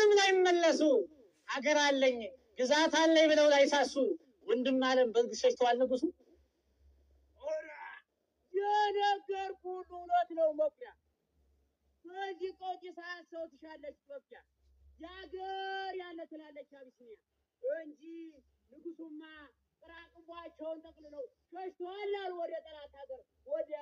ለምን ላይመለሱ ሀገር አለኝ ግዛት አለኝ ብለው ላይሳሱ ወንድም አለም በግ ሸሽተዋል ንጉሱ። የነገርኩህ እውነት ነው መኩሪያ። በዚህ ቆጭ ሰዓት ሰው ትሻለች ኢትዮጵያ የሀገር ያለ ትላለች አቢሲኒያ እንጂ ንጉሱማ ጥራቅቧቸውን ጠቅልለው ሸሽተዋል ወደ ጠላት ሀገር ወዲያ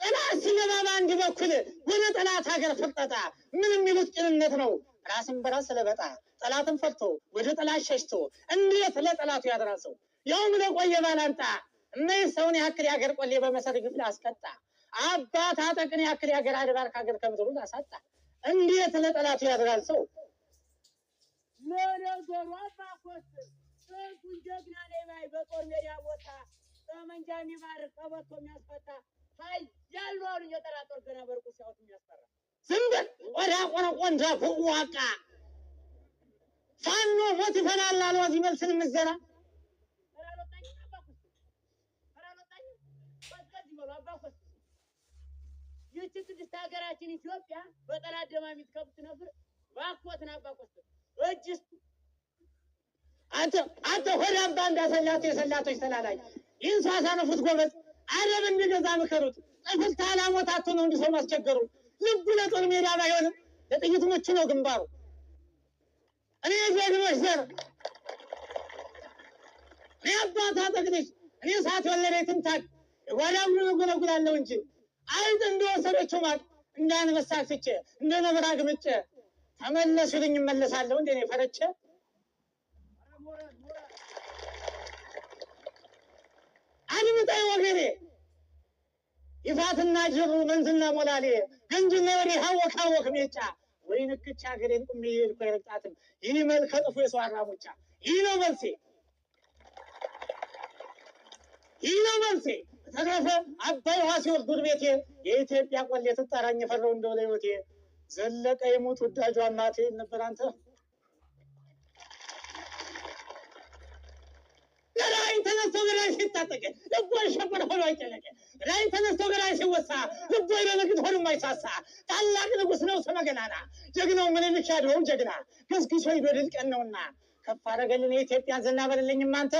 ጠላት ሲገባ በአንድ በኩል ወደ ጠላት ሀገር ፈቅጠጣ ምን የሚሉት ቅንነት ነው። ራስን በራስ ስለበጣ ጠላትን ፈርቶ ወደ ጠላት ሸሽቶ እንዴት ለጠላቱ ያደራሰው ያውም ለቆየ ባላንጣ እነይ ሰውን ያክል የሀገር ቆሌ በመሰር ግፍል አስቀጣ አባት አጠቅን ያክል የሀገር አድባር ከሀገር ከምድሩ አሳጣ እንዴት ለጠላቱ ያደራሰው። ለነገሩ አባኮስ ስንቱን ጀግና ላይ በጦር ሜዳ ቦታ በመንጃ የሚባርክ ከበቶ የሚያስፈታ ዝም በል ቆዳ ቆረቆንዳ ፍዋቃ ፋኖ ሞት ይፈላል አለ ወዚህ መልስን ምዘና ይህቺ ቅድስት ሀገራችን ኢትዮጵያ በጠላት ደማ የሚትከቡት ነበር። እባክዎትን አባኮስ እጅስ አንተ አንተ ሆዳምባ እንዳሰላቶ የሰላቶች ተላላኝ ይህን ሷሳ ጎበዝ አረብ እንደገዛ ምከሩት። ጠፍልታ ላሞታቶ ነው እንዲሰው ማስቸገሩ ልቡ ለጦር ሜዳ ባይሆንም ለጥይት ምቹ ነው ግንባሩ። እኔ ጀግኖች ዘር እኔ አባታ ጠቅድሽ እኔ ሰዓት ወለደ ትንታቅ የጓዳም እጎለጉላለሁ እንጂ አይጥ እንደወሰደችው ማቅ እንዳንበሳ ፍቼ እንደ ነብራ ግምጬ ተመለሱልኝ እመለሳለሁ እንደኔ ፈረቼ ይፋትና ጅሩ መንዝና ሞላሌ ግንጅ ወደ ሀወክ ሀወክ ሜጫ ወይ ንክቻ ገሬን ቁሜ ይል አይረግጣትም። ይህ መልከ ጥፉ የሰው አራሙጫ። ይህ ነው መልሴ፣ ይህ ነው መልሴ። ተረፈ አባይ ውሃ ሲወርድ ቤቴ የኢትዮጵያ ቆሌ ትጠራኝ የፈረው እንደው ለይወቴ ዘለቀ የሞት ወዳጇ እናቴ ነበር አንተ ተነስቶ ገላይ ሲታጠቅ ልቦ ሸበር ሆኖ አይጨነቅ ላይ ተነስቶ ገላይ ሲወሳ ልቦ በመግድ ሆኖ አይሳሳ ታላቅ ንጉሥ ነው ሰመገናና ጀግናው ምኒልክ ያድወው ጀግና ገዝግሶ ሂዶ ድል ቀን ነውና ከፍ አደረገልን የኢትዮጵያን ዝና በልልኝም አንተ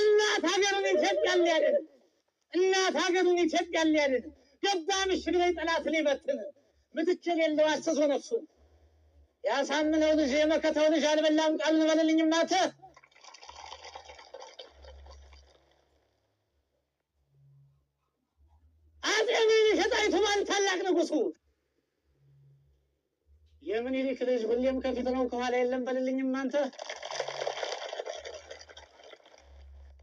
እናት ሀገሩን ኢትዮጵያን ሊያድን እናት ሀገሩን ኢትዮጵያን ሊያድን ገባ ምሽግ ላይ ጠላትን ይበትን ምትክ የሌለው አስዞ ነፍሱን ያሳምነው ልጅ የመከተው ልጅ አልበላም ቃል እንበልልኝም ማተ አጼ ምኒልክ የጣይቱ ማለት ታላቅ ንጉሱ የምኒልክ ልጅ ሁሌም ከፊት ነው ከኋላ የለም በልልኝም አንተ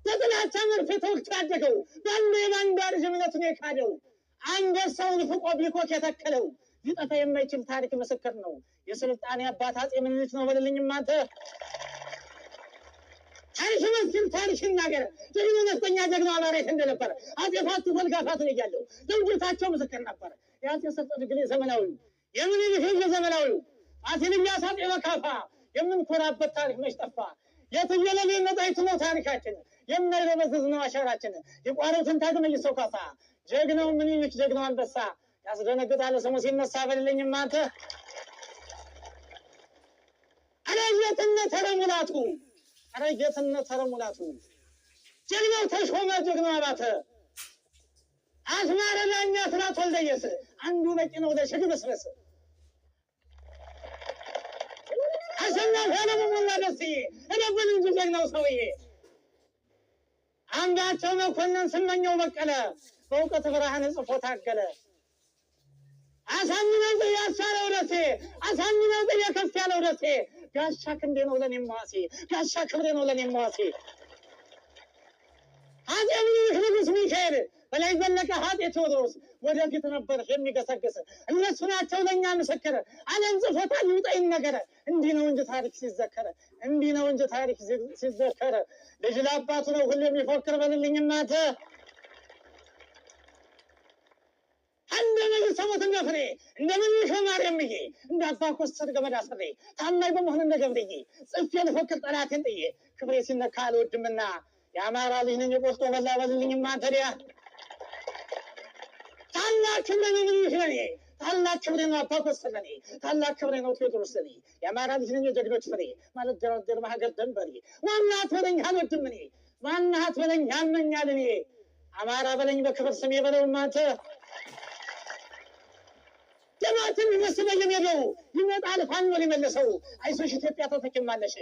ለጥላቻ መርፌ ተወግቶ ያደገው ባንዱ የባንዱ ልጅ እምነቱን የካደው አንበሳውን ፍቆ ቢኮክ የተከለው ሊጠፋ የማይችል ታሪክ ምስክር ነው። የስልጣኔ አባት አፄ ምኒልክ ነው በልልኝም አንተ ታሪክ መስል ታሪክ ይናገር ደግሞ መስተኛ ጀግና አማራጭ እንደነበረ አፄ ፋቱ ወልጋፋትን እያለው ድርጅታቸው ምስክር ነበር። የአፄ ሰርጠ ግን ዘመናዊ የምኒልክ ዘመናዊ አፄ የሚያሳጥ አፄ መካፋ የምንኮራበት ታሪክ መች ጠፋ? የትየለሌ ነጣይቱ ነው ታሪካችን፣ የማይበመዝዝ ነው አሻራችን። የቋረትን ታግመ ይሰው ካሳ ጀግናው ምኒልክ ጀግናው አንበሳ ያስደነግጣለ ስሙ ሲነሳ በልልኝም አንተ አረየትነት ተረሙላቱ አረየትነት ተረሙላቱ ጀግናው ተሾመ ጀግና አባተ አስማረ ዳኛ ስራ ተልደየስ አንዱ በቂ ነው ለሽግ መስመስ አሸናፊ ሙላ ደስዬ እደብል እንጂ ጀግናው ሰውዬ አምባቸው መኮንን ስመኘው በቀለ በእውቀት ብርሃን ጽፎ ታገለ። አሳምነው ዘ ደሴ አሳምነው ዘ ያለው ደሴ ጋሻ ክንዴ ነው ለኔ ዋሴ ጋሻ ክብሬ ነው ለኔ ዋሴ አፄ ምኒልክ ንጉሥ ሚካኤል በላይ ዘለቀ አፄ ቴዎድሮስ ወደፊት ነበር የሚገሰግስ እነሱ ናቸው ለእኛ ምስክር አለም ጽፎታል ይውጠኝ ነገር እንዲህ ነው እንጂ ታሪክ ሲዘከረ እንዲህ ነው እንጂ ታሪክ ሲዘከረ ልጅ ለአባቱ ነው ሁሉ የሚፎክር በልልኝ እናተ አንደበግ ሰሞትን ገፍሬ እንደ ማርያም ማርያምዬ እንደ አባ ኮስተር ገመዳ አስሬ ታማኝ በመሆን እንደ ገብርዬ ጽፌ ልፎክር ጠላቴን ጥዬ ክብሬ ሲነካ አልወድምና የአማራ ልጅ ነኝ የቆስጦ በላ በልልኝ ማንተዲያ ታላቅ ክብሬ ነው ምንሽ ለኔ ታላቅ ክብሬ ነው አባ ኮስተር ለኔ ታላቅ ክብሬ ነው ቴዎድሮስ ለኔ የአማራ ልጅ ነኝ የጀግኖች ፍሬ ማለት ደረደር ማሀገር ደንበሬ ዋናት በለኝ አልወድም እኔ ማናት በለኝ ያመኛል እኔ አማራ በለኝ በክብር ስሜ በለው ማንተ ጥናትን ይመስል የሚለው ይመጣል ፋኖ ሊመልሰው። አይሶሽ ኢትዮጵያ ተተኪማለሽ።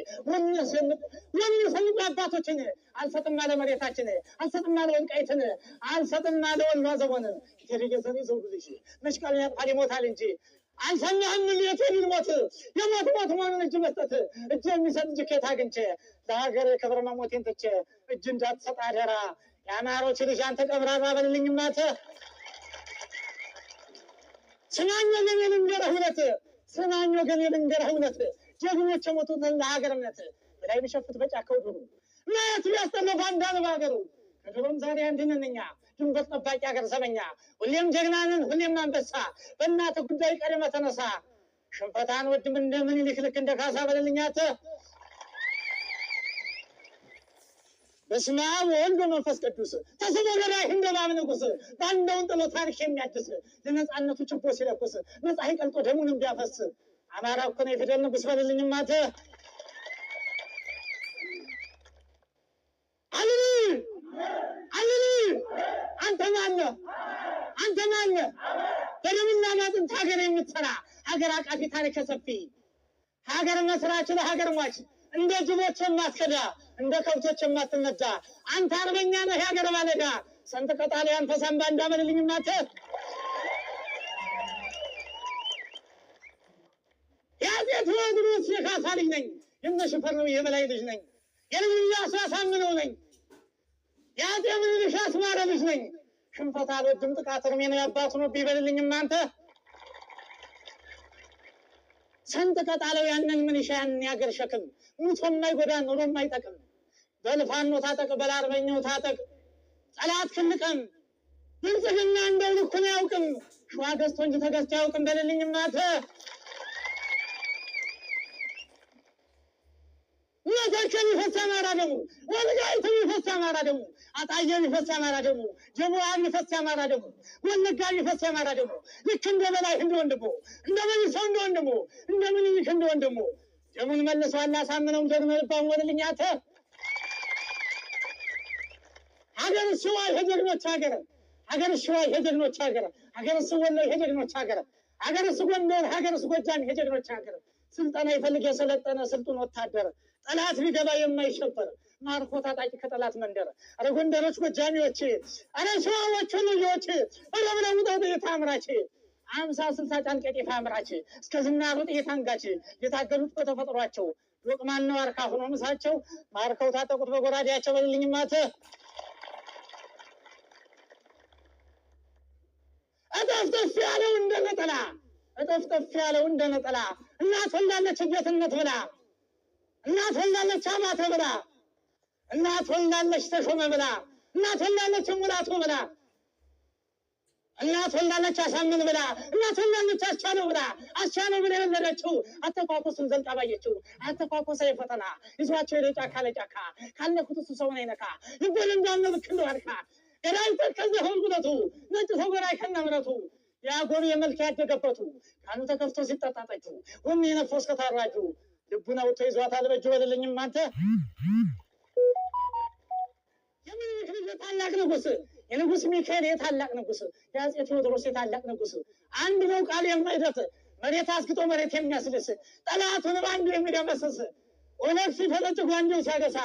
የሚፈልጉ አባቶችን አልሰጥም አለ መሬታችን፣ አልሰጥም አለ ወልቃይትን፣ አልሰጥም አለ ወሎ ዘቦን የተደገዘን ይዘው ልጅ መሽቃል ያጣል ይሞታል እንጂ አልሰማህም ልየት የሚል ሞት የሞት ሞት መሆኑን እጅ መስጠት እጅ የሚሰጥ እጅ ከየት አግኝቼ ለሀገር የክብር መሞቴን ትቼ እጅ እንዳትሰጥ አደራ። የአማሮች ልጅ አንተ ቀብራራ በልልኝ እናተ ስማኝ ወገን የልንገርህ እውነት፣ ስማኝ ወገን የልንገርህ እውነት፣ ጀግኖች የሞቱትን ለሀገርነት በላይ ቢሸፍት በጫካው ዱሩ ማየት ቢያስጠነፉ አንዳን በሀገሩ ከድሮም ዛሬ አንድነን እኛ ድንበር ጠባቂ ሀገር ዘበኛ፣ ሁሌም ጀግናንን ሁሌም አንበሳ፣ በእናትህ ጉዳይ ቀድመህ ተነሳ። ሽንፈታን ወድም እንደምን ይልክ ልክ እንደ ካሳ በለልኛት በስመ አብ ወወልድ ወመንፈስ ቅዱስ ተስቦ በላይ እንደላም ንጉስ ባለውን ጥሎ ታሪክ የሚያድስ ለነፃነቱ ችቦ ሲለኩስ መጽሐይ ቀልጦ ደሙን እንዲያፈስ አማራ እኮ ነው የፊደል ንጉስ በልልኝ ማተ አልኒ አልኒ አንተ ማነ አንተ ማነ በደምና ማጥንት ሀገር የምትሰራ ሀገር አቃፊ ታሪክ ሰፊ ሀገር መስራች ለሀገር ሟች እንደ ጅቦች የማስከዳ እንደ ከብቶች የማትነዳ አንተ አርበኛ ነህ የሀገር ባለዳ ሰንጥቀ ጣሊያን ፈሳምባ እንዳመልልኝ እናተ ያዜ ቴዎድሮስ የካሳ ልጅ ነኝ። የነሽፈርነው የበላይ ልጅ ነኝ። የልጅያሱ ያሳምነው ነኝ። የአፄ ምኒልክ አስማረ ልጅ ነኝ። ሽንፈት አልወድም ጥቃት እርሜ ነው ያባቱ ነው ቢበልልኝ እናንተ ሰንጥቀ ያንን ምን ያንን ያገር ሸክም ሙቶ የማይጎዳን ኑሮ የማይጠቅም በልፋኖ ታጠቅ፣ በላርበኛው ታጠቅ፣ ጠላት ክንቀም። ብልጽግና እንደው ልኩን አያውቅም። ሸዋ ገዝቶ እንጂ ተገዝቶ አያውቅም። በልልኝማ አንተ ወተት የሚፈሳ አማራ ደግሞ ወልቃይት የሚፈሳ አማራ ደግሞ አጣዬ የሚፈሳ አማራ ደግሞ ጀሞአ የሚፈሳ አማራ ደግሞ ወለጋ የሚፈሳ አማራ ደግሞ ልክ እንደ በላይ እንደ ወንድሞ እንደ ምን ሰው እንደ ወንድሞ እንደ ምን ይክ እንደ ወንድሞ ደሙን መልሰው አላሳምነውም። ደግሞ ልባም ወደልኝ ሀገር ስዋ የጀግኖች ሀገር ሀገር ስዋ የጀግኖች ሀገር ሀገር ስወሎ የጀግኖች ሀገር ሀገር ስጎንደር ሀገር ስጎጃም የጀግኖች ሀገር ስልጠና ይፈልግ የሰለጠነ ስልጡን ወታደር ጠላት ቢገባ የማይሸበር ማርኮ ታጣቂ ከጠላት መንደር አረ ጎንደሮች፣ ጎጃሚዎች፣ አረ ሸዋዎች፣ ልጆች ረብለሙጠ ጥይት አምራች አምሳ ስልሳ ጫንቄ ጤፍ አምራች እስከ ዝናሩ ጥይት አንጋች የታገሉት በተፈጥሯቸው ነው አርካ ሆኖ ምሳቸው ማርከው ታጠቁት በጎራዴያቸው በልልኝማተ እጠፍጠፍ ያለው እንደ ነጠላ እጠፍጠፍ ያለው እንደ ነጠላ እናት ወልዳለች ጌትነት ብላ እናት ወልዳለች አማተ ብላ እናት ወልዳለች ተሾመ ብላ እናት ወልዳለች ሙላቱ ብላ እናት ወልዳለች አሳምን ብላ እናት ወልዳለች አስቻለው ብላ አስቻለው ብላ የወለደችው አተኳኮስን ዘልቃ ባየችው አተኳኮሰ የፈተና ይዟቸው የደ ጫካ ለጫካ ካለኩት እሱ ሰውን አይነካ ይበል እንዳልነ ብክ እንደዋልካ ከላይ ተከዘ ሆንጉለቱ ነጭ ሰጎራ ምረቱ የአጎኑ የመልክ ያደገበቱ ካኑ ተከፍቶ ሲጠጣጠጩ ሁም የነፎ እስከታራጁ ልቡን አውጥቶ ይዟታል በእጅ በልልኝም አንተ ታላቅ ንጉስ የንጉስ ሚካኤል የታላቅ ንጉስ የአፄ ቴዎድሮስ የታላቅ ንጉስ አንድ ነው ቃል የማይደፍር መሬት አስግጦ መሬት የሚያስልስ ጠላቱን በአንዱ የሚደመስስ ኦነግ ሲፈነጭ ጓንዴው ሲያገሳ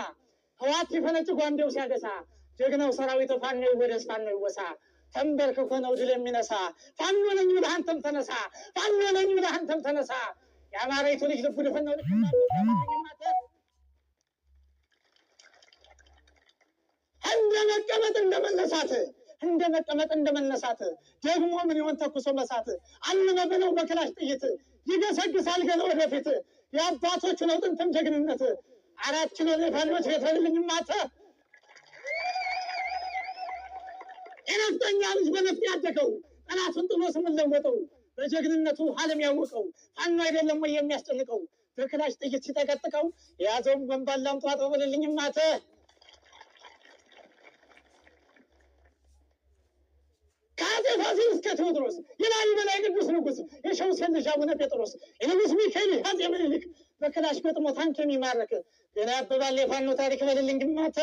ህዋት ሲፈነጭ ጓንዴው ሲያገሳ ጀግናው ሰራዊት ፋኖ ይወደስ ፋኖ ይወሳ ተንበርክኮ ነው ድል የሚነሳ ፋኖ ነኝ ብለህ አንተም ተነሳ ፋኖ ነኝ ብለህ አንተም ተነሳ። የአማራዊቱ ልጅ ልቡ ድፍን ነው። እንደ መቀመጥ እንደ መነሳት እንደ መቀመጥ እንደ መነሳት ደግሞ ምን ይሆን ተኩሶ መሳት አንመብነው በክላሽ ጥይት ይገሰግሳል ገለ ወደፊት የአባቶቹ ነው ጥንትም ጀግንነት አራት ኪሎ ፋኖች ቤት በልልኝ ጤነኛ ልጅ በነፍስ ያደገው ጠላቱን ጥሎ ስምን ለወጠው በጀግንነቱ ዓለም ያወቀው ፋኖ አይደለም ወይ የሚያስጨንቀው በክላሽ ጥይት ሲጠቀጥቀው የያዘውን ጎንባላም ላምጦ አጥበበልልኝ ማተ ከአፄ ፋሲል እስከ ቴዎድሮስ ይላል በላይ ቅዱስ ንጉስ የሸው ልጅ አቡነ ጴጥሮስ የንጉስ ሚካኤል አጼ ምኒልክ በክላሽ ገጥሞ ታንክ የሚማረክ ገና ያብባል የፋኖ ታሪክ በልልኝ ግማተ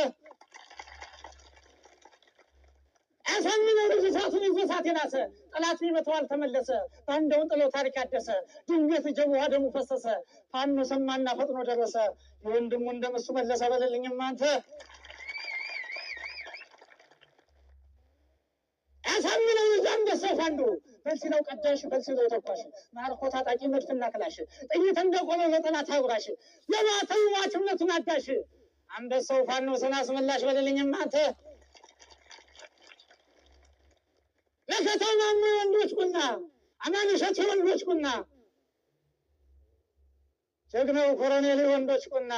ያሳምነው ልጅ እሳቱን ይዞ የናሰ ጠላት ይመተዋል ተመለሰ። ባንዳውን ጥሎ ታሪክ አደሰ። ድንገት ጀቡ ደሙ ፈሰሰ። ፋኖ ሰማና ፈጥኖ ደረሰ። የወንድሙ እንደምሱ መለሰ። በለልኝም አንተ ያሳምነው ልጅ አንበሳው ፋንዱ ፈልሲለው ቀዳሽ ፈልሲለው ተኳሽ ማርኮ ታጣቂ መድፍና ክላሽ ጥይት እንደቆመ በጠላት አጉራሽ ለማተው ማችነቱን አዳሽ አንበሳው ፋኖ ሰናስ መላሽ በለልኝም አንተ የተማሙ ወንዶችኩና አማንሸት ወንዶችኩና ጀግናው ኮሎኔል ወንዶችኩና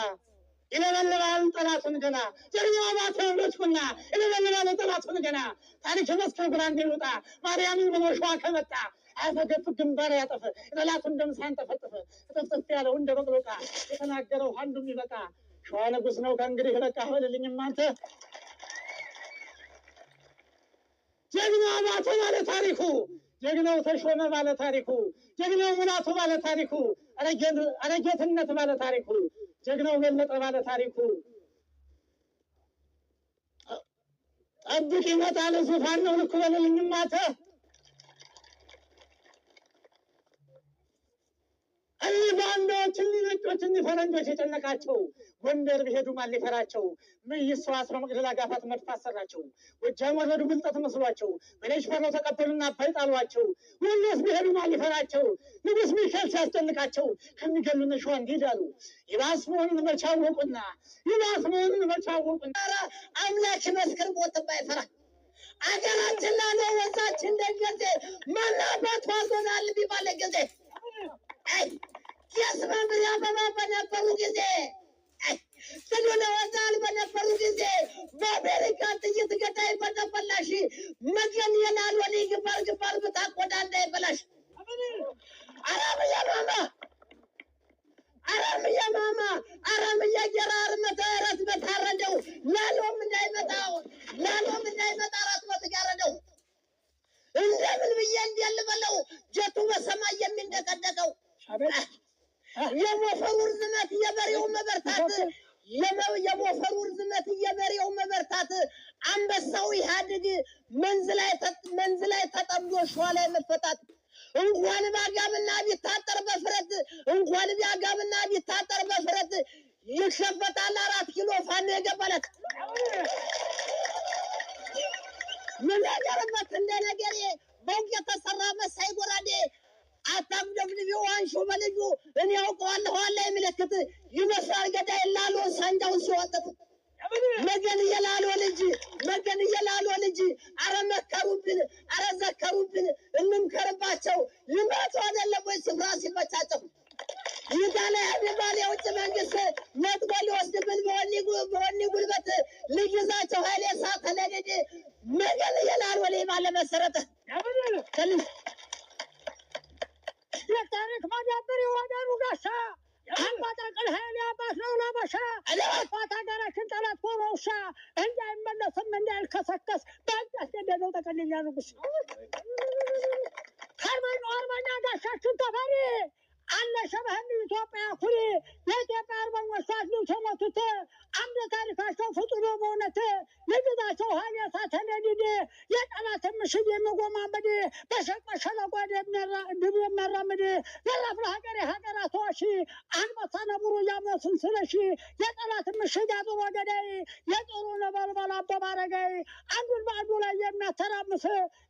ይለበልባል ጠላቱን ገና ጀግናው አባተ ወንዶችኩና ይለበልባል ጠላቱን ገና ታሪክ መስከብራ እንዲሉጣ ማርያምን ብሎ ከመጣ አያፈገፍ ግንባር ያጠፍ ጠላቱን ደም ሳያንጠፈጥፍ ጥፍጥፍ ያለው እንደ በቅሎቃ የተናገረው አንዱም ይበቃ ሸዋ ንጉሥ ነው ከእንግዲህ በቃ በልልኝም አንተ ጀግና አባተ ባለ ታሪኩ፣ ጀግናው ተሾመ ባለ ታሪኩ፣ ጀግናው ሙላቱ ባለ ታሪኩ፣ አረጌትነት ባለ ታሪኩ፣ ጀግናው በለጠ ባለ ታሪኩ ጠብቅ ይመጣል ዙፋን ነው ልኩ በልልኝም ማተ እኒህ ባንዳዎችን ፈረንጆች የጨነቃቸው ጎንደር ብሄዱ ማን ሊፈራቸው? ምን ይሰዋስሮ መቅደላ ጋፋት መድፍ አሰራቸው። ጎጃም ወረዱ ብልጠት መስሏቸው በሌሽ ፈረው ተቀበሉና አባይ ጣሏቸው። ወሎስ ብሄዱ ማን ሊፈራቸው? ንጉሥ ሚካኤል ሲያስጨንቃቸው ከሚገሉነ ሸዋ እንዲሄድ አሉ። ይባስ መሆኑን መቻወቁና ይባስ መሆኑን መች አወቁና አምላክ መስክር ሞትም አይፈራ አገራችን ላለ ወዛችን ደንገዜ ማናባት ዋዞናል ቢባለ ጊዜ ಪರವಾಗಿಸಿದೆ ಸುಳ್ಳು ವಸಾಲ್ ಬನ್ನ ಪರವಾಗಿಸಿದೆ ಬಾಬೇರೆ ಕಾತ ಯುದ್ಧ ಕಟಾಯಿ ಬನ್ನ ಪಲ್ಲಾಶಿ ಮಗನ್ ಏನಾರು ಅಲ್ಲಿಗೆ ಪರಗ ಪರಗ ತಾಕು እንኳን ቢያጋብና ቢታጠር በፍረት ይሸፈ ልግዛቸው ሀይሌ ሳተለድድ መገል የላል ወሌማ ለመሰረተ መራምድ የለፍራ ሀገሬ ሀገራ ሰዋሺ አንበሳ ነብሩ ያምነስን ስለሺ የጠላትን ምሽግ አጥሮ ገዳይ የጦሩ ነበልባል አበበ አረጋይ አንዱን በአንዱ ላይ የሚያተራምስ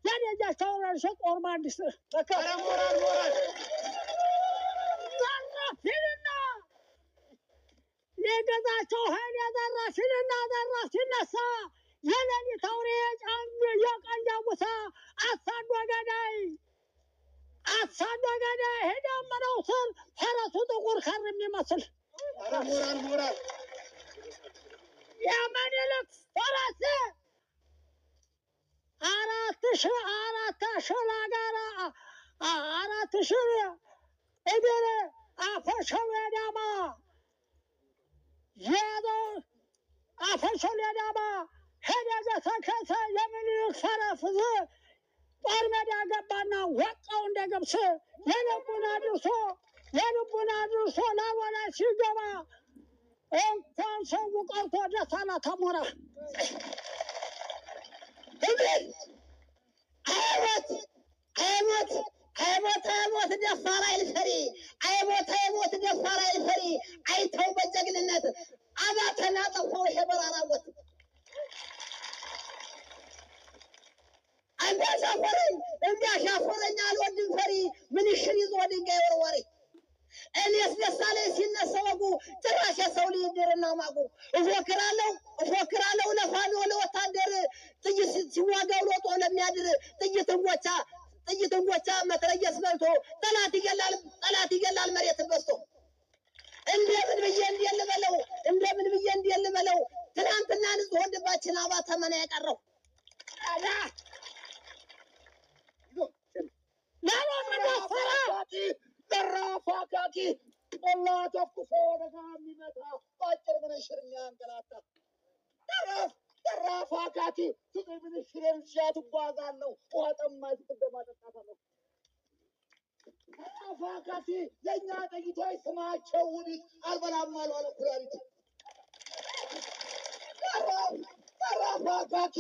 ያደጃቸው ረርሸ ጦር ማንዲስ የገዛቸው ኃይል ያዘራሽንና ዘራ ሲነሳ የሌሊት አውሬ የቀን ዳጉሳ አሳዶ ገዳይ አሳዳጋዳ ሄዳ መነውሰል ፈረሱ ጥቁር ከር የሚመስል የመን ይልቅ ፈረስ አራት ሺ አራት አሸላጋራ አራት ሺ እግር አፈሸው የዳማ የያዘው አፈሸው የዳማ ሄደ ዘተከተ የምኒልክ ፈረስ ጦር ሜዳ ገባና ወጣው እንደ ገብስ የልቡን አድርሶ የልቡን አድርሶ ላወላ ሲገባ እንኳን ሰው ቀርቶ ደሳና ተሞራ አይሞት አይሞት አይሞት አይሞት ደፋር ይልፈሪ አይሞት አይሞት ደፋር አይልፈሪ አይተው በጀግንነት ያስወረኛ አልወድም ፈሪ ምን ይሽን ይዞ ድንጋይ ወርዋሪ ኤልያስ ደሳሌ ሲነሳ ወጉ ጭራሽ የሰው ልይድርና ማጉ እፎክራለሁ እፎክራለሁ ለፋኖ ለወታደር ጥይት ሲዋጋው ሮጦ ለሚያድር ጥይት እንጎቻ ጥይት እንጎቻ መትረየስ በልቶ ጠላት ይገላል ጠላት ይገላል መሬት በዝቶ እንደምን ብዬ እንዴት ልበለው እንደምን ብዬ እንዴት ልበለው ትናንትና ንጹህ ወንድማችን አባ ተመና የቀረው ጠራፋ አካኪ ጠላ ተኩሶ ወደጋ የሚመጣ በአጭር ምንሽር የሚያንገላታ ጠራፍ ጠራፋ አካኪ ፍቅር ምንሽር የምሻት እጓዛለሁ ውሃ ጠማኝ ፍቅር ማጠጣት አለሁ ጠራፋ አካኪ የእኛ ጠይቷይ ስማቸው ውዲት አልበላም አሉ አለ ኩላሊት ጠራፋ አካኪ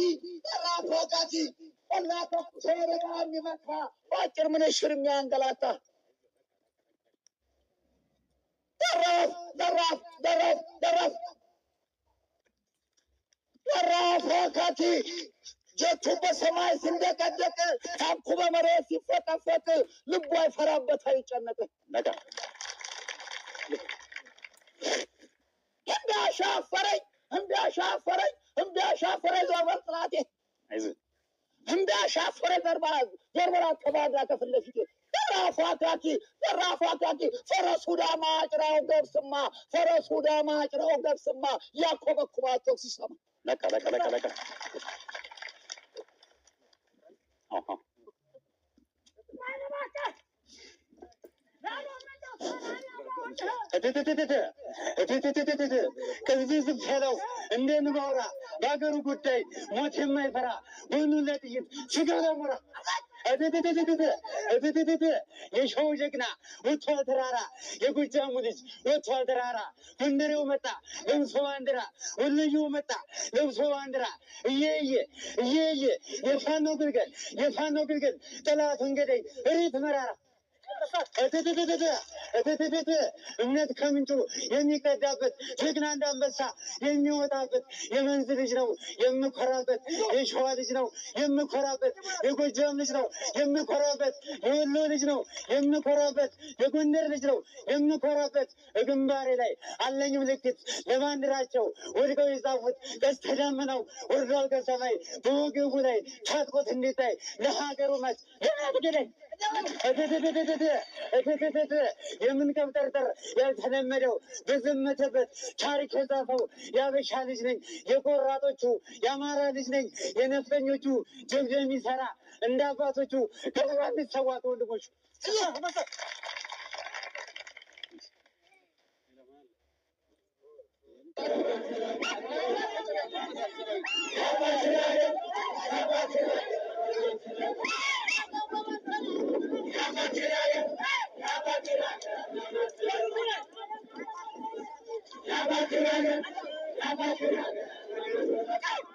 ጠራፋ አካኪ ጠላ ተኩሶ ወደጋ የሚመጣ በአጭር ምንሽር የሚያንገላታ ደረስ ደረስ ደረስ ደረስ ደረሰ ከቲ ጀቱ በሰማይ ሲንደቀደቅ ታንኩ በመሬት ሲፈጠፈጥ ልቡ አይፈራበት አይጨነቅም። ነገ እንዳሻፈረኝ እንዳሻፈረኝ እንዳሻፈረኝ ዞርበር ጥላቴ እንዳሻፈረኝ ዞርበራ ተባዳ ከፍለፊቴ ራሱ አትራኪ የራሱ አትራኪ ፈረሱ ዳማ ጭራው ገብስማ ፈረሱ ዳማ ጭራው ገብስማ ያኮበኩባቸው ሲሰማ ለቀ ለቀ ለቀ ለቀ ከዚህ ዝም ያለው እንደምኖራ በሀገሩ ጉዳይ ሞት የማይፈራ ወይኑ ለጥይት ስጋ ለሞራ የሸው ጀግና ወጥቷል ተራራ፣ የጎጃሙ ልጅ ወጥቷል ተራራ። ጎንደሬው መጣ ለብሶ ባንዲራ፣ ወሎዬው መጣ ለብሶ ባንዲራ። እየየ እየየ የፋኖ ግልገል የፋኖ ግልገል ጠላቱን ገዳይ እሬት መራራ እምነት ከምንጩ የሚቀዳበት ጀግና እንዳንበሳ የሚወጣበት የመንዝ ልጅ ነው የምኮራበት፣ የሸዋ ልጅ ነው የምኮራበት፣ የጎጃም ልጅ ነው የምኮራበት፣ የወሎ ልጅ ነው የምኮራበት፣ የጎንደር ልጅ ነው የምኮራበት። ግንባሬ ላይ አለኝ ምልክት ለባንዲራቸው ወድቀው የጻፉት ቀስተ ደመናው ወርዷል ከሰማይ በወገቡ ላይ ታጥቆት እንዲታይ ለሀገሩ መች ለናትገለኝ እትትትት የምንቀብጠርጠር ያልተለመደው በዘመተበት ታሪክ የጻፈው የአበሻ ልጅ ነኝ፣ የቆራጦቹ የአማራ ልጅ ነኝ፣ የነፍጠኞቹ ጀብደ የሚሰራ እንደ አባቶቹ ገባ የሚሰዋ ከወንድሞቹ Thank you.